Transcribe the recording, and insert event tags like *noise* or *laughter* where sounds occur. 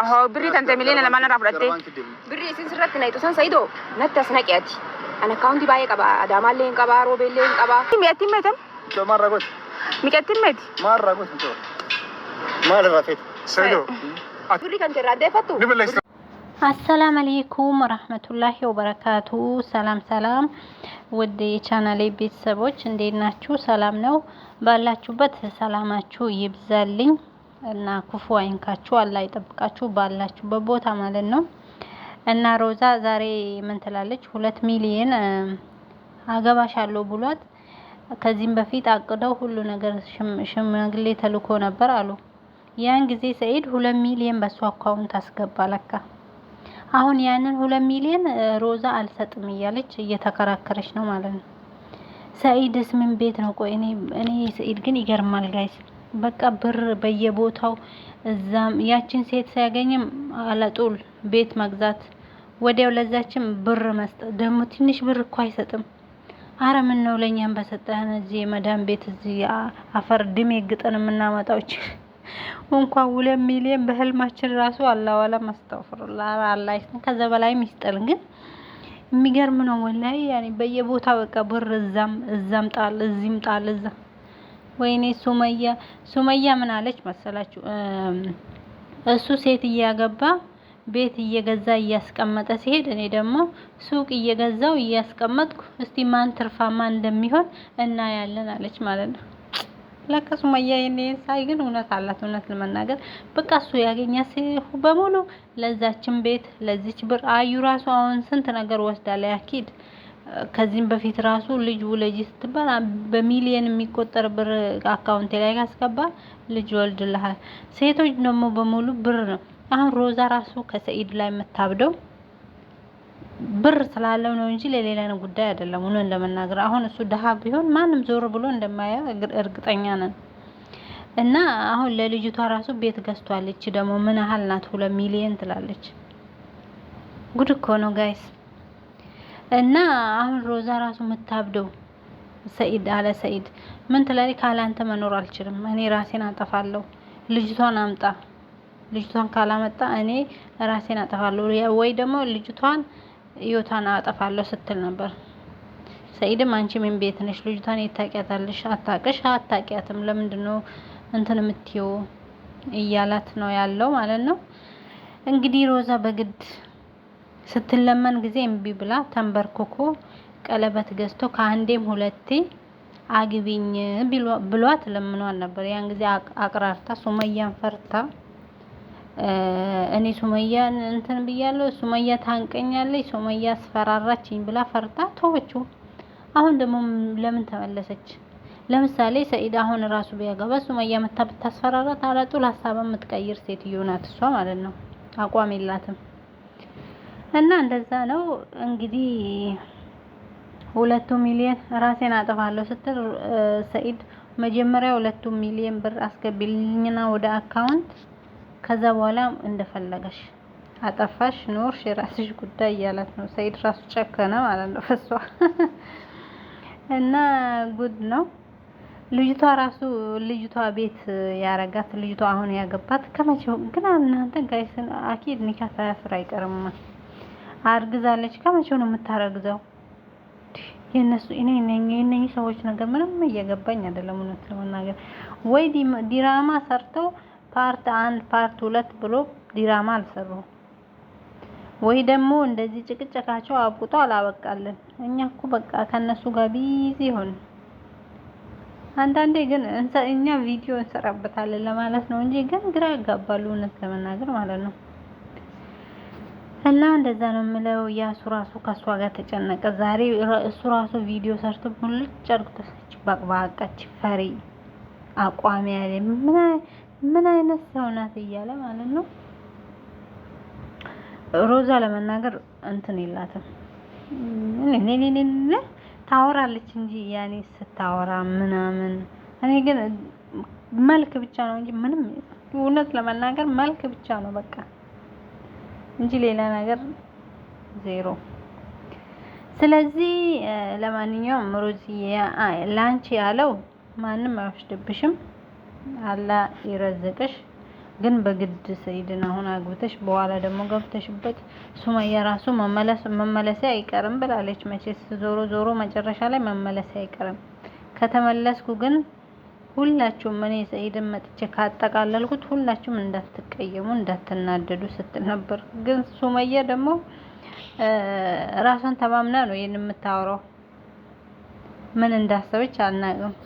Aha, birrii tante miliyoona lamaan irraa fudhatte. Birrii isin sirratti na hiixu san Saidoo natti as naqiyaati. An akkaawuntii baay'ee qaba. Adaamallee hin qaba, Roobeellee hin qaba. Mi'attiin meetam? Maarraa gosa. Mi'attiin meeti? Maarraa gosa. Maalirraa feeti? Saidoo. Birrii kan irraa deeffattu? Ni balleessa. አሰላም አለይኩም ወራህመቱላሂ ወበረካቱ። ሰላም ሰላም፣ ውድ የቻናሌ ቤተሰቦች እንዴት ናችሁ? ሰላም ነው ባላችሁበት፣ ሰላማችሁ ይብዛልኝ። እና ክፉ አይንካችሁ፣ አላህ ይጠብቃችሁ ባላችሁበት ቦታ ማለት ነው። እና ሮዛ ዛሬ ምን ትላለች? ሁለት አገባሽ አገባሻለሁ ብሏት ከዚህም በፊት አቅደው ሁሉ ነገር ሽማግሌ ተልኮ ነበር አሉ። ያን ጊዜ ሰኢድ ሁለት ሚሊየን በሱ አካውንት አስገባ ለካ። አሁን ያንን ሁለት ሚሊየን ሮዛ አልሰጥም እያለች እየተከራከረች ነው ማለት ነው። ሰኢድስ ምን ቤት ነው? ቆይ እኔ እኔ ሰኢድ ግን ይገርማል ጋይስ በቃ ብር በየቦታው እዛም ያችን ሴት ሲያገኝም አለጡል ቤት መግዛት ወዲያው ለዛችን ብር መስጠት። ደግሞ ትንሽ ብር እኮ አይሰጥም። አረ ምን ነው ለኛም በሰጠህን እዚህ የመዳን ቤት እዚህ አፈር ድሜ ግጥን የምናመጣዎች *laughs* እንኳን ሁለት ሚሊዮን በህልማችን ራሱ አላዋላ ማስተፈር ላላይስ ከዛ በላይ ይስጠልን። ግን የሚገርም ነው ወላሂ ያኔ በየቦታ በቃ ብር እዛም እዛም ጣል እዚህም ጣል እዛም ወይኔ ሱመያ ሱመያ ምን አለች መሰላችሁ? እሱ ሴት እያገባ ቤት እየገዛ እያስቀመጠ ሲሄድ እኔ ደግሞ ሱቅ እየገዛው እያስቀመጥኩ እስቲ ማን ትርፋማ እንደሚሆን እናያለን አለች ማለት ነው። ለካ ሱመያ የኔ ሳይ ግን እውነት አላት። እውነት ለመናገር በቃ እሱ ያገኛ በሙሉ ለዛችን ቤት ለዚች ብር አዩ ራሱ አሁን ስንት ነገር ወስዳ ላይ አኪድ ከዚህም በፊት ራሱ ልጅ ውለጅ ስትባል በሚሊየን የሚቆጠር ብር አካውንቴ ላይ ካስገባ ልጅ ይወልድልሃል። ሴቶች ደግሞ በሙሉ ብር ነው። አሁን ሮዛ ራሱ ከሰኢድ ላይ የምታብደው ብር ስላለው ነው እንጂ ለሌላ ጉዳይ አይደለም። እውነት ለመናገር አሁን እሱ ድሀ ቢሆን ማንም ዞር ብሎ እንደማያው እርግጠኛ ነን። እና አሁን ለልጅቷ ራሱ ቤት ገዝቷለች። ደግሞ ምን ያህል ናት? ሁለት ሚሊየን ትላለች። ጉድ እኮ ነው ጋይስ። እና አሁን ሮዛ ራሱ የምታብደው ሰኢድ አለ ሰኢድ ምን ትላለች? ካላንተ መኖር አልችልም፣ እኔ ራሴን አጠፋለሁ። ልጅቷን አምጣ፣ ልጅቷን ካላመጣ እኔ ራሴን አጠፋለሁ ወይ ደግሞ ልጅቷን ህይወቷን አጠፋለሁ ስትል ነበር። ሰኢድም አንቺ ምን ቤት ነሽ? ልጅቷን የት ታውቂያታለሽ? አታውቅሽ፣ አታውቂያትም። ለምንድን ነው እንትን የምትይው? እያላት ነው ያለው ማለት ነው እንግዲህ ሮዛ በግድ ስትለመን ጊዜ እምቢ ብላ ተንበርክኮ ቀለበት ገዝቶ ከአንዴም ሁለቴ አግቢኝ ብሏት ለምኗል ነበር። ያን ጊዜ አቅራርታ ሱመያን ፈርታ እኔ ሱመያን እንትን ብያለሁ፣ ሱመያ ታንቀኛለች፣ ሱመያ አስፈራራችኝ ብላ ፈርታ ተወችው። አሁን ደግሞ ለምን ተመለሰች? ለምሳሌ ሰኢድ አሁን ራሱ ቢያገባ ሱመያ መታ ብታስፈራራት አላጡል ሀሳብ የምትቀይር ሴትዮ ናት እሷ ማለት ነው። አቋም የላትም። እና እንደዛ ነው እንግዲህ ሁለቱ ሚሊዮን ራሴን አጠፋለሁ ስትል ሰኢድ መጀመሪያ ሁለቱ ሚሊዮን ብር አስገቢልኝና ወደ አካውንት ከዛ በኋላ እንደፈለገሽ አጠፋሽ ኖርሽ የራስሽ ጉዳይ እያላት ነው ሰኢድ ራሱ ጨከነ ማለት ነው ፈሷ እና ጉድ ነው ልጅቷ ራሱ ልጅቷ ቤት ያረጋት ልጅቷ አሁን ያገባት ከመቼው ግን እናንተ ጋይስ አኪድ ኒካ ሳያስር አይቀርም አርግዛለች። ከመቼው ነው የምታረግዘው? የነሱ እኔ ሰዎች ነገር ምንም እየገባኝ አይደለም። እውነት ለመናገር ወይ ዲራማ ሰርተው ፓርት አንድ ፓርት ሁለት ብሎ ዲራማ አልሰሩ ወይ ደግሞ እንደዚህ ጭቅጭቃቸው አብቁቶ አላበቃለን። እኛ እኮ በቃ ከነሱ ጋር ቢዚ ሆን። አንዳንዴ ግን እኛ ቪዲዮ እንሰራበታለን ለማለት ነው እንጂ ግን ግራ ያጋባሉ እውነት ለመናገር ማለት ነው። እና እንደዛ ነው የምለው። ያሱ ራሱ ከእሷ ጋር ተጨነቀ ዛሬ። እሱ ራሱ ቪዲዮ ሰርቶ ሙልጭ ተሰች ባቅባቃች ፈሪ አቋሚ ያለ ምን አይነት ሰው ናት እያለ ማለት ነው። ሮዛ ለመናገር እንትን የላትም ታወራለች እንጂ ያኔ ስታወራ ምናምን። እኔ ግን መልክ ብቻ ነው እንጂ ምንም እውነት ለመናገር መልክ ብቻ ነው በቃ እንጂ ሌላ ነገር ዜሮ። ስለዚህ ለማንኛውም ሮዚ ላንቺ ያለው ማንም አይወስድብሽም፣ አላ ይረዝቅሽ። ግን በግድ ሰይድን አሁን አግብተሽ በኋላ ደግሞ ገብተሽበት ሱመያ ራሱ መመለስ መመለስ አይቀርም ብላለች። መቼስ ዞሮ ዞሮ መጨረሻ ላይ መመለስ አይቀርም ከተመለስኩ ግን ሁላችሁም እኔ ሰይድን መጥቼ ካጠቃለልኩት ሁላችሁም እንዳትቀየሙ እንዳትናደዱ ስትል ነበር። ግን ሱመያ ደግሞ ራሷን ተማምና ነው ይህን የምታወራው። ምን እንዳሰበች አናውቅም።